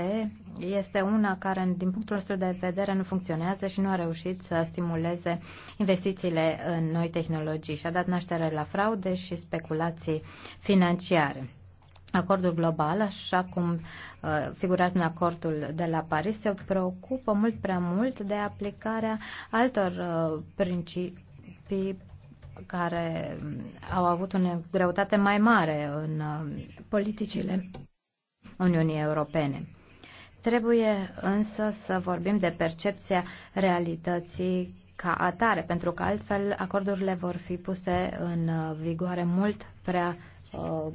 Speaker 3: este una care, din punctul nostru de vedere, nu funcționează și nu a reușit să stimuleze investițiile în noi tehnologii și a dat naștere la fraude și speculații financiare. Acordul global, așa cum uh, figurați în acordul de la Paris, se preocupă mult prea mult de aplicarea altor uh, principii care um, au avut o greutate mai mare în uh, politicile Uniunii Europene. Trebuie însă să vorbim de percepția realității ca atare, pentru că altfel acordurile vor fi puse în uh, vigoare mult prea uh,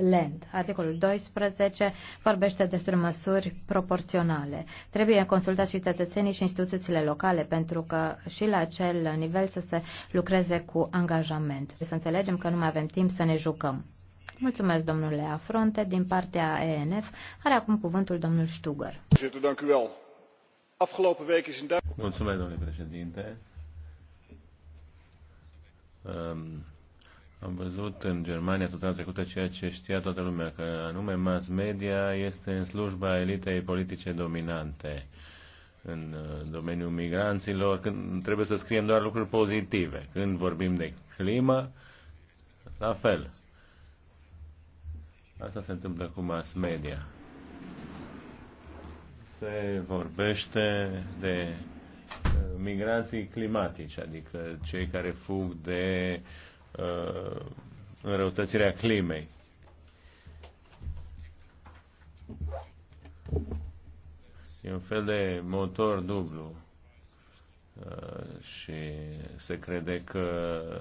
Speaker 3: lent. Articolul 12 vorbește despre măsuri proporționale. Trebuie consultați și cetățenii și instituțiile locale pentru că și la acel nivel să se lucreze cu angajament. Să înțelegem că nu mai avem timp să ne jucăm. Mulțumesc, domnule Afronte. Din partea ENF are acum cuvântul domnul Stugăr.
Speaker 2: Mulțumesc, domnule președinte. Um, am văzut în Germania săptămâna trecută ceea ce știa toată lumea, că anume mass media este în slujba elitei politice dominante în uh, domeniul migranților, când trebuie să scriem doar lucruri pozitive. Când vorbim de climă, la fel. Asta se întâmplă cu mass media. Se vorbește de uh, migrații climatice, adică cei care fug de uh, înrăutățirea climei. E un fel de motor dublu uh, și se crede că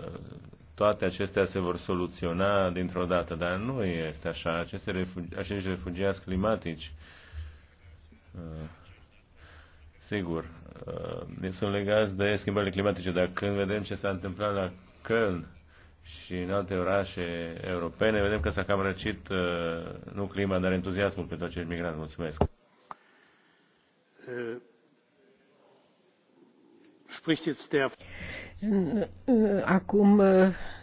Speaker 2: toate acestea se vor soluționa dintr-o dată, dar nu este așa. Aceste refugi, acești refugiați climatici, uh, sigur, uh, sunt legați de schimbările climatice, dar când vedem ce s-a întâmplat la Köln și în alte orașe europene, vedem că s-a cam răcit uh, nu clima, dar entuziasmul pentru acești migranți. Mulțumesc!
Speaker 1: Acum uh,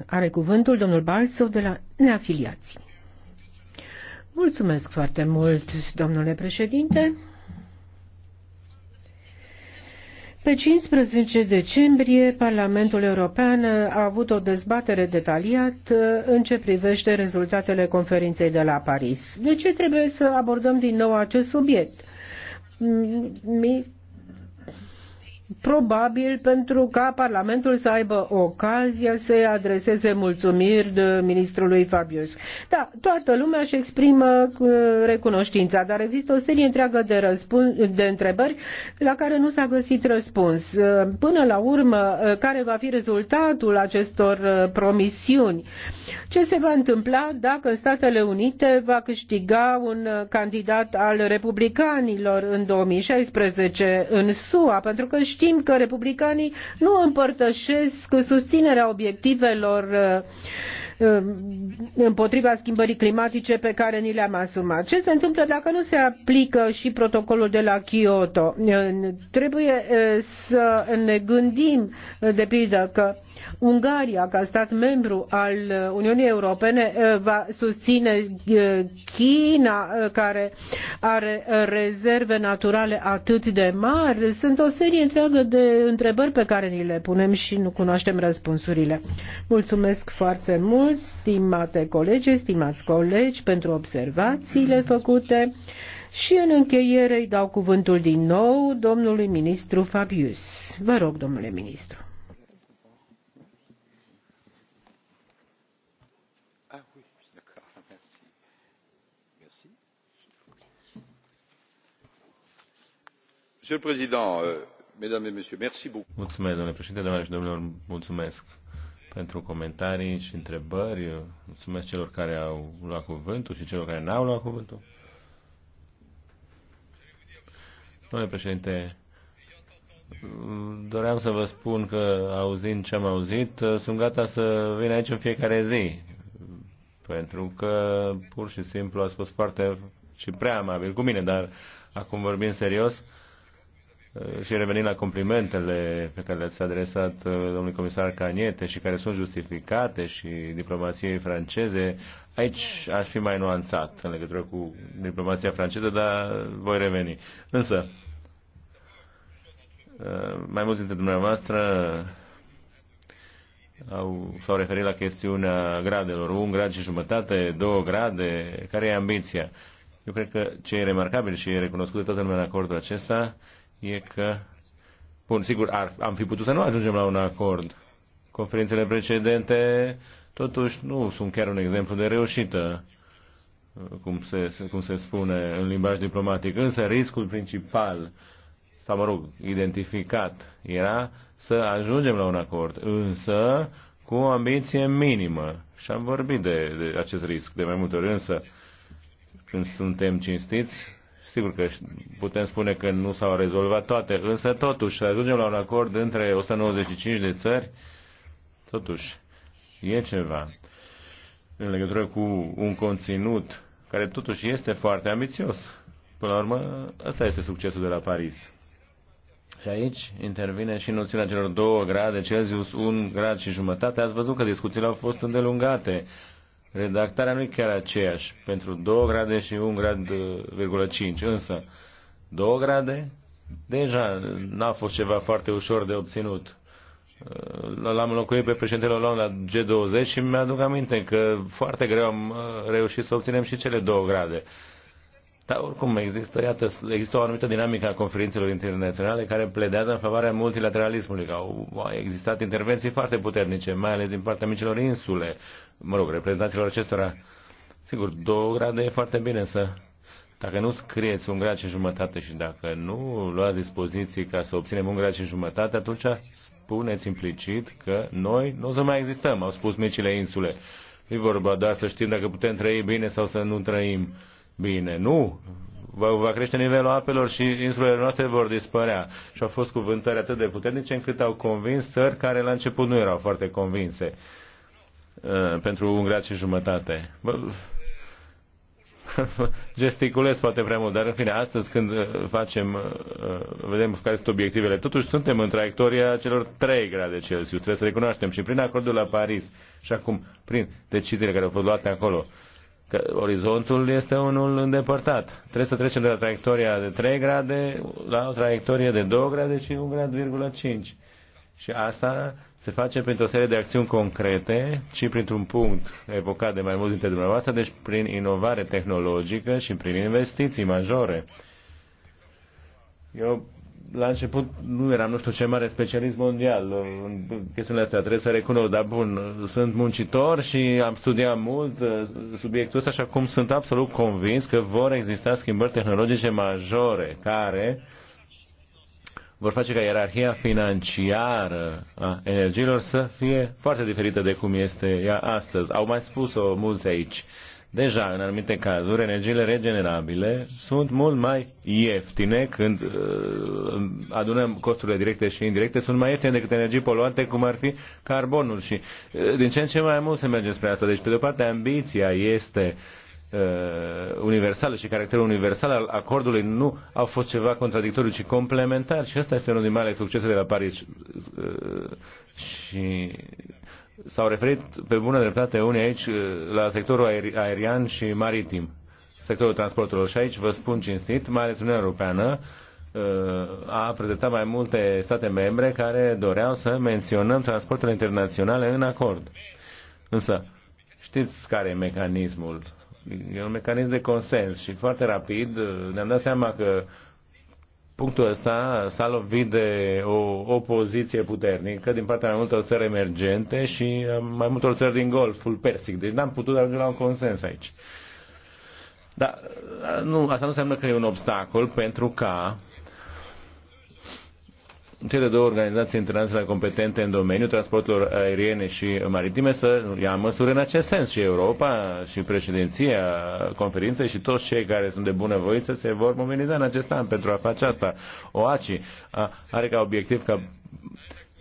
Speaker 1: are cuvântul domnul Balțov de la neafiliați. Mulțumesc foarte mult, domnule președinte. Pe 15 decembrie, Parlamentul European uh, a avut o dezbatere detaliată uh, în ce privește rezultatele conferinței de la Paris. De ce trebuie să abordăm din nou acest subiect? Mm, probabil pentru ca Parlamentul să aibă ocazia să-i adreseze mulțumiri de ministrului Fabius. Da, toată lumea își exprimă uh, recunoștința, dar există o serie întreagă de, de întrebări la care nu s-a găsit răspuns. Uh, până la urmă, uh, care va fi rezultatul acestor promisiuni? Ce se va întâmpla dacă în Statele Unite va câștiga un candidat al republicanilor în 2016 în SUA? Pentru că știm că republicanii nu împărtășesc susținerea obiectivelor uh, uh, împotriva schimbării climatice pe care ni le-am asumat. Ce se întâmplă dacă nu se aplică și protocolul de la Kyoto? Uh, trebuie să ne gândim, de pildă, că Ungaria, ca stat membru al Uniunii Europene, eh, va susține eh, China, eh, care are rezerve naturale atât de mari? Sunt o serie întreagă de întrebări pe care ni le punem și nu cunoaștem răspunsurile. Mulțumesc foarte mult, stimate colegi, stimați colegi, pentru observațiile făcute. Și în încheiere îi dau cuvântul din nou domnului ministru Fabius. Vă rog, domnule ministru.
Speaker 2: Euh, domnule președinte, doamnelor și domnilor, mulțumesc pentru comentarii și întrebări. Mulțumesc celor care au luat cuvântul și celor care n-au luat cuvântul. Domnule președinte, doream să vă spun că, auzind ce am auzit, sunt gata să vin aici în fiecare zi. Pentru că, pur și simplu, ați fost foarte și prea amabil cu mine, dar acum vorbim serios și revenind la complimentele pe care le-ați adresat uh, domnului comisar Caniete și care sunt justificate și diplomației franceze, aici aș fi mai nuanțat în legătură cu diplomația franceză, dar voi reveni. Însă, uh, mai mulți dintre dumneavoastră au, s-au referit la chestiunea gradelor, un grad și jumătate, două grade, care e ambiția? Eu cred că ce e remarcabil și e recunoscut de toată lumea în acordul acesta e că, bun, sigur, ar, am fi putut să nu ajungem la un acord. Conferințele precedente, totuși, nu sunt chiar un exemplu de reușită, cum se, cum se spune în limbaj diplomatic. Însă riscul principal, sau mă rog, identificat, era să ajungem la un acord. Însă, cu o ambiție minimă. Și am vorbit de, de acest risc de mai multe ori, însă când suntem cinstiți, Sigur că putem spune că nu s-au rezolvat toate, însă totuși ajungem la un acord între 195 de țări, totuși e ceva în legătură cu un conținut care totuși este foarte ambițios. Până la urmă, ăsta este succesul de la Paris. Și aici intervine și noțiunea celor două grade Celsius, un grad și jumătate. Ați văzut că discuțiile au fost îndelungate redactarea nu e chiar aceeași pentru 2 grade și 1 grad, 5, uh, însă 2 grade deja n-a fost ceva foarte ușor de obținut. Uh, l-am înlocuit pe președintele Hollande la G20 și mi-aduc aminte că foarte greu am uh, reușit să obținem și cele 2 grade. Dar oricum există, iată, există o anumită dinamică a conferințelor internaționale care pledează în favoarea multilateralismului. Au existat intervenții foarte puternice, mai ales din partea micilor insule, mă rog, reprezentanților acestora. Sigur, două grade e foarte bine, să, dacă nu scrieți un grad și jumătate și dacă nu luați dispoziții ca să obținem un grad și jumătate, atunci spuneți implicit că noi nu o să mai existăm, au spus micile insule. e vorba doar să știm dacă putem trăi bine sau să nu trăim bine. Nu! Va, va crește nivelul apelor și insulele noastre vor dispărea. Și au fost cuvântări atât de puternice încât au convins țări care la început nu erau foarte convinse. Uh, pentru un grad și jumătate. Bă, <laughs> gesticulez poate prea mult, dar în fine, astăzi când uh, facem, uh, vedem care sunt obiectivele, totuși suntem în traiectoria celor 3 grade Celsius, trebuie să recunoaștem și prin acordul la Paris și acum prin deciziile care au fost luate acolo, că orizontul este unul îndepărtat. Trebuie să trecem de la traiectoria de 3 grade la o traiectorie de 2 grade și 1,5 grade. Și asta se face printr-o serie de acțiuni concrete și printr-un punct evocat de mai mulți dintre dumneavoastră, deci prin inovare tehnologică și prin investiții majore. Eu la început nu eram, nu știu ce mare specialist mondial în chestiunile astea, trebuie să recunosc, dar bun, sunt muncitor și am studiat mult uh, subiectul ăsta, așa cum sunt absolut convins că vor exista schimbări tehnologice majore care vor face ca ierarhia financiară a energiilor să fie foarte diferită de cum este ea astăzi. Au mai spus-o mulți aici. Deja, în anumite cazuri, energiile regenerabile sunt mult mai ieftine când uh, adunăm costurile directe și indirecte, sunt mai ieftine decât energii poluante, cum ar fi carbonul. Și uh, din ce în ce mai mult se merge spre asta. Deci, pe de o parte, ambiția este uh, Uh, universală și caracterul universal al acordului nu au fost ceva contradictoriu, ci complementar. Și asta este unul din marele succese de la Paris. Uh, și s-au referit pe bună dreptate unii aici uh, la sectorul aer aerian și maritim, sectorul transporturilor. Și aici vă spun cinstit, mai ales Uniunea Europeană, a prezentat mai multe state membre care doreau să menționăm transporturile internaționale în acord. Însă, știți care e mecanismul E un mecanism de consens și foarte rapid uh, ne-am dat seama că punctul ăsta s-a lovit de o opoziție puternică din partea mai multor țări emergente și mai multor țări din Golful Persic. Deci n-am putut ajunge la un consens aici. Dar uh, nu, asta nu înseamnă că e un obstacol pentru ca cele două organizații internaționale competente în domeniul transporturilor aeriene și maritime să ia măsuri în acest sens. Și Europa și președinția conferinței și toți cei care sunt de bunăvoință se vor mobiliza în acest an pentru a face asta. OACI are ca obiectiv ca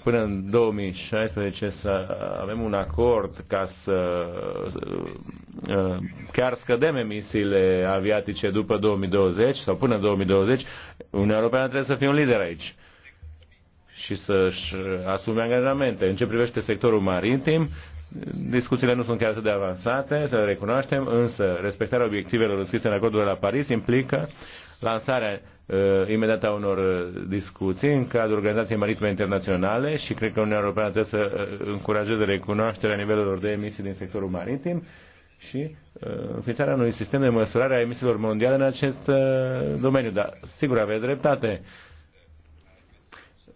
Speaker 2: până în 2016 să avem un acord ca să, chiar scădem emisiile aviatice după 2020 sau până în 2020, Uniunea Europeană trebuie să fie un lider aici și să-și asume angajamente. În ce privește sectorul maritim, discuțiile nu sunt chiar atât de avansate, să le recunoaștem, însă respectarea obiectivelor înscrise în acordul de la Paris implică lansarea uh, imediată a unor uh, discuții în cadrul Organizației Maritime Internaționale și cred că Uniunea Europeană trebuie să uh, încurajeze recunoașterea nivelurilor de emisii din sectorul maritim și uh, înființarea unui sistem de măsurare a emisiilor mondiale în acest uh, domeniu. Dar sigur aveți dreptate. Uh,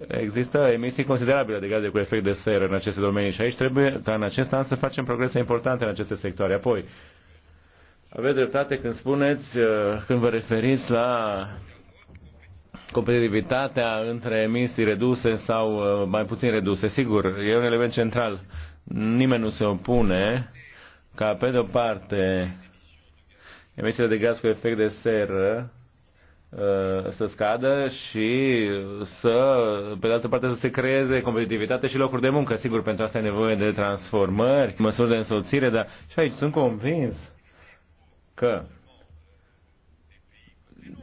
Speaker 2: există emisii considerabile de gaze cu efect de seră în aceste domenii și aici trebuie ca în acest an să facem progrese importante în aceste sectoare. Apoi, aveți dreptate când spuneți, uh, când vă referiți la competitivitatea între emisii reduse sau uh, mai puțin reduse. Sigur, e un element central. Nimeni nu se opune ca, pe de o parte, emisiile de gaz cu efect de seră Uh, să scadă și să, pe de altă parte, să se creeze competitivitate și locuri de muncă. Sigur, pentru asta e nevoie de transformări, măsuri de însoțire, dar și aici sunt convins că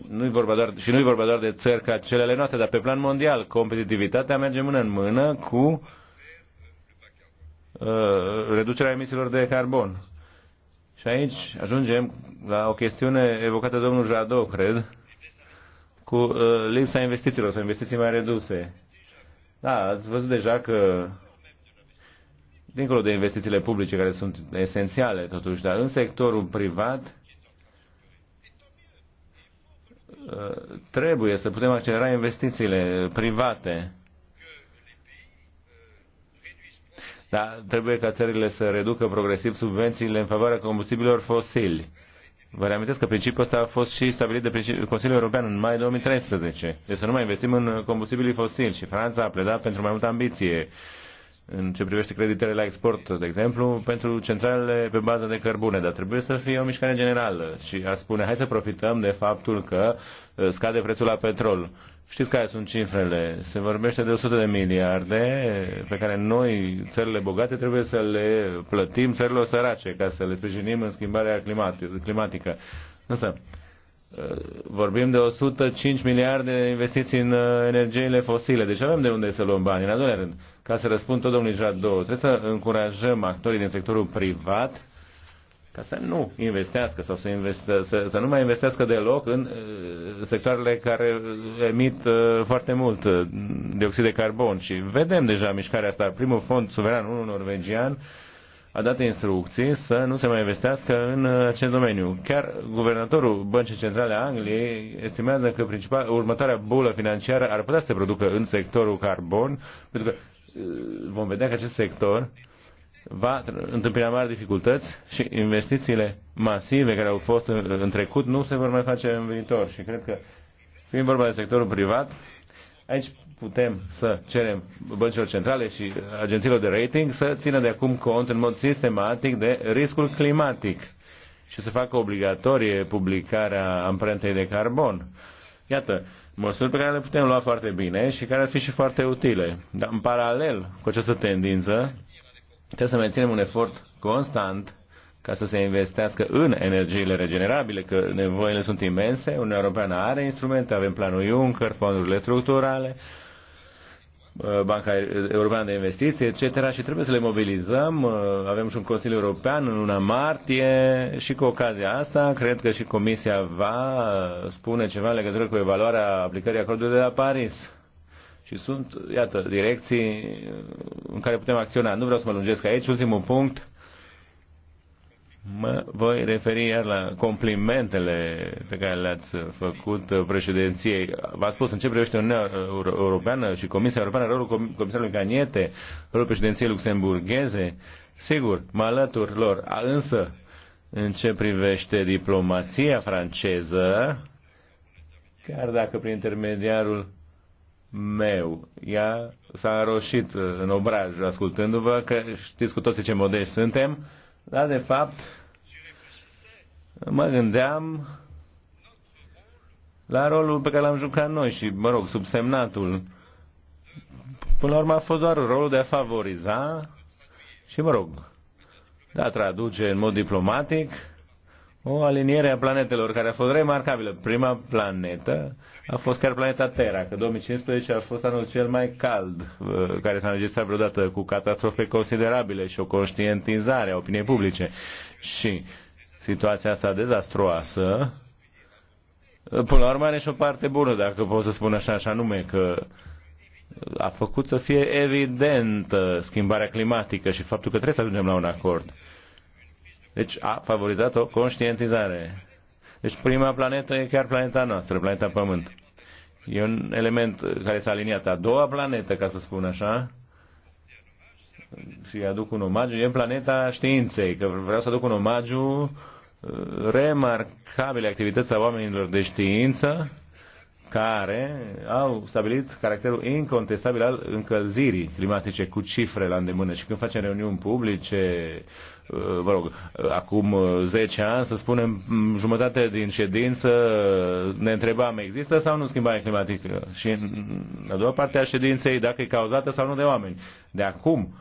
Speaker 2: nu-i vorba doar, și nu-i vorba doar de țări ca celele noastre, dar pe plan mondial, competitivitatea merge mână în mână cu uh, reducerea emisiilor de carbon. Și aici ajungem la o chestiune evocată de domnul Jadot, cred, cu uh, lipsa investițiilor sau investiții mai reduse. Da, ați văzut deja că dincolo de investițiile publice care sunt esențiale totuși, dar în sectorul privat uh, trebuie să putem accelera investițiile private. Dar trebuie ca țările să reducă progresiv subvențiile în favoarea combustibilor fosili Vă reamintesc că principiul ăsta a fost și stabilit de Consiliul European în mai 2013. Deci să nu mai investim în combustibilii fosili și Franța a pledat pentru mai multă ambiție în ce privește creditele la export, de exemplu, pentru centralele pe bază de cărbune, dar trebuie să fie o mișcare generală și a spune hai să profităm de faptul că uh, scade prețul la petrol Știți care sunt cifrele? Se vorbește de 100 de miliarde pe care noi, țările bogate, trebuie să le plătim țărilor sărace ca să le sprijinim în schimbarea climatică. Însă, uh, vorbim de 105 miliarde de investiții în uh, energiile fosile. Deci avem de unde să luăm bani. În al doilea rând, ca să răspund tot domnului Jadot, trebuie să încurajăm actorii din sectorul privat ca să nu investească sau să, investe, să, să nu mai investească deloc în uh, sectoarele care emit uh, foarte mult uh, dioxid de carbon. Și vedem deja mișcarea asta. Primul fond suveran, unul norvegian, a dat instrucții să nu se mai investească în acest domeniu. Chiar guvernatorul Băncii Centrale a Angliei estimează că principal, următoarea bulă financiară ar putea să se producă în sectorul carbon, pentru că vom vedea că acest sector uh, va întâmpina mari dificultăți și investițiile masive care au fost în trecut nu se vor mai face în viitor. Și cred că, fiind vorba de sectorul privat, aici putem să cerem băncilor centrale și agențiilor de rating să țină de acum cont în mod sistematic de riscul climatic și să facă obligatorie publicarea amprentei de carbon. Iată, măsuri pe care le putem lua foarte bine și care ar fi și foarte utile. Dar în paralel cu această tendință, Trebuie să menținem un efort constant ca să se investească în energiile regenerabile, că nevoile sunt imense, Uniunea Europeană are instrumente, avem planul Juncker, fondurile structurale, Banca Europeană de Investiții, etc. și trebuie să le mobilizăm. Avem și un Consiliu European în luna martie și cu ocazia asta cred că și Comisia va spune ceva în legătură cu evaluarea aplicării acordului de la Paris și sunt, iată, direcții în care putem acționa. Nu vreau să mă lungesc aici. Ultimul punct. Mă voi referi iar la complimentele pe care le-ați făcut președinției. V-a spus în ce privește Uniunea Europeană și Comisia Europeană, rolul comisarului Caniete, rolul președinției luxemburgheze. Sigur, mă alătur lor. Însă, în ce privește diplomația franceză, chiar dacă prin intermediarul meu. Ea s-a roșit în obraj ascultându-vă, că știți cu toții ce modești suntem, dar de fapt mă gândeam la rolul pe care l-am jucat noi și, mă rog, subsemnatul. Până la urmă a fost doar rolul de a favoriza și, mă rog, da, traduce în mod diplomatic o aliniere a planetelor care a fost remarcabilă. Prima planetă a fost chiar planeta Terra, că 2015 a fost anul cel mai cald uh, care s-a înregistrat vreodată cu catastrofe considerabile și o conștientizare a opiniei publice. Și situația asta dezastroasă, uh, până la urmă are și o parte bună, dacă pot să spun așa, așa nume, că uh, a făcut să fie evidentă schimbarea climatică și faptul că trebuie să ajungem la un acord. Deci a favorizat o conștientizare. Deci prima planetă e chiar planeta noastră, planeta Pământ. E un element care s-a aliniat a doua planetă, ca să spun așa, și aduc un omagiu, e planeta științei, că vreau să aduc un omagiu uh, remarcabile activități a oamenilor de știință care au stabilit caracterul incontestabil al încălzirii climatice cu cifre la îndemână. Și când facem reuniuni publice, uh, vă rog, acum 10 uh, ani, să spunem, jumătate din ședință uh, ne întrebam, există sau nu schimbare climatică? Și mm, a doua parte a ședinței, dacă e cauzată sau nu de oameni. De acum,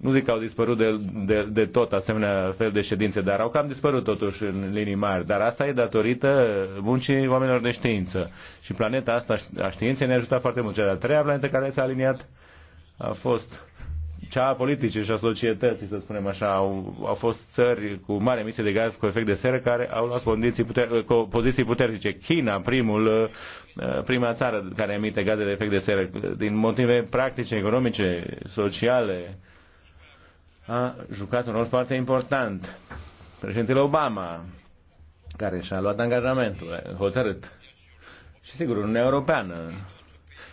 Speaker 2: nu zic că au dispărut de, de, de tot asemenea fel de ședințe, dar au cam dispărut totuși în linii mari. Dar asta e datorită muncii oamenilor de știință. Și planeta asta a științei ne-a ajutat foarte mult. Cea de-a treia planetă care s-a aliniat a fost cea a politicii și a societății, să spunem așa. Au, au fost țări cu mare emisie de gaz cu efect de seră care au luat condiții puter, cu poziții puternice. China, primul, eh, prima țară care emite gaze de efect de seră, din motive practice, economice, sociale, a jucat un rol foarte important. Președintele Obama, care și-a luat angajamentul hotărât. Și sigur, Uniunea Europeană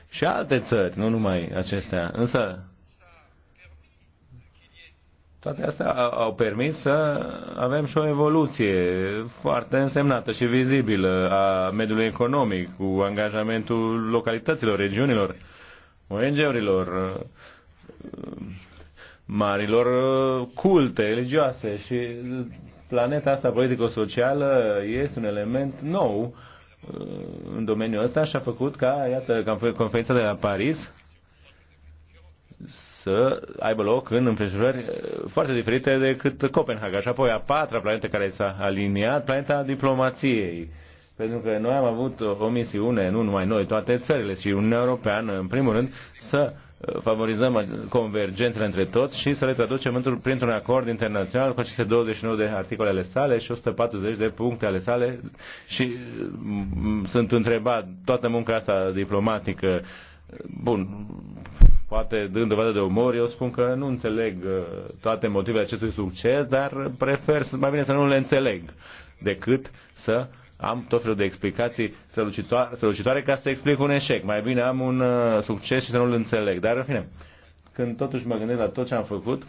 Speaker 2: și alte țări, nu numai acestea. Însă, toate astea au permis să avem și o evoluție foarte însemnată și vizibilă a mediului economic, cu angajamentul localităților, regiunilor, ONG-urilor, marilor uh, culte religioase și planeta asta politico-socială este un element nou uh, în domeniul ăsta și a făcut ca, iată, conferința de la Paris să aibă loc în împrejurări uh, foarte diferite decât Copenhaga. Și apoi a patra planetă care s-a aliniat, planeta diplomației. Pentru că noi am avut o misiune, nu numai noi, toate țările și Uniunea Europeană, în primul rând, să favorizăm convergențele între toți și să le traducem într- printr-un acord internațional cu aceste 29 de articole ale sale și 140 de puncte ale sale și mm, sunt întrebat toată munca asta diplomatică Bun, poate dând dovadă de umor, eu spun că nu înțeleg uh, toate motivele acestui succes, dar prefer să, mai bine să nu le înțeleg decât să am tot felul de explicații strălucitoare, strălucitoare ca să explic un eșec. Mai bine am un uh, succes și să nu-l înțeleg. Dar, în fine, când totuși mă gândesc la tot ce am făcut,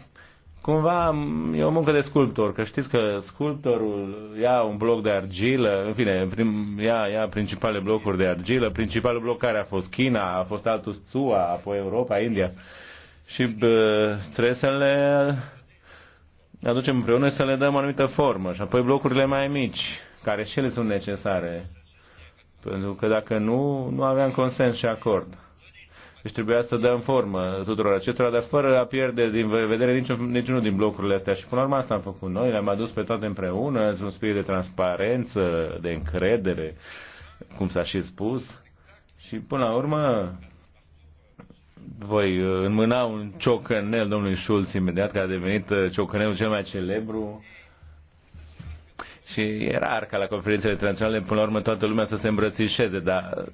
Speaker 2: cumva am, e o muncă de sculptor, că știți că sculptorul ia un bloc de argilă, în fine, prim, ia, ia principale blocuri de argilă, principalul bloc care a fost China, a fost altul SUA, apoi Europa, India. Și bă, trebuie să le aducem împreună să le dăm o anumită formă și apoi blocurile mai mici care și ele sunt necesare. Pentru că dacă nu, nu aveam consens și acord. Deci trebuia să dăm formă tuturor acestora, dar fără a pierde din vedere niciun, niciunul din blocurile astea. Și până la urmă asta am făcut noi, le-am adus pe toate împreună, într-un spirit de transparență, de încredere, cum s-a și spus. Și până la urmă voi uh, înmâna un ciocănel domnului Schulz imediat, care a devenit uh, ciocănelul cel mai celebru și e rar ca la conferințele internaționale, până la urmă, toată lumea să se îmbrățișeze, dar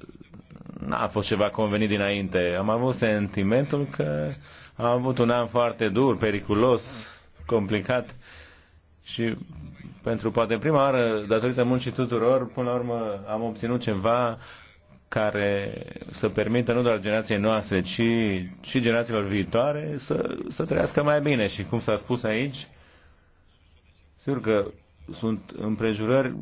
Speaker 2: n-a fost ceva convenit dinainte. Am avut sentimentul că am avut un an foarte dur, periculos, complicat și pentru poate prima oară, datorită muncii tuturor, până la urmă am obținut ceva care să permită nu doar generației noastre, ci și generațiilor viitoare să, să trăiască mai bine. Și cum s-a spus aici, sigur că sunt împrejurări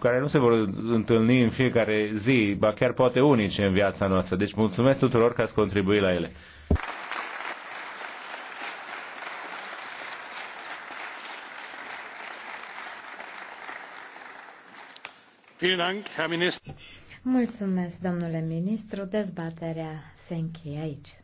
Speaker 2: care nu se vor întâlni în fiecare zi, ba chiar poate unice în viața noastră. Deci mulțumesc tuturor că ați contribuit la ele.
Speaker 3: Mulțumesc, domnule ministru. Dezbaterea se încheie aici.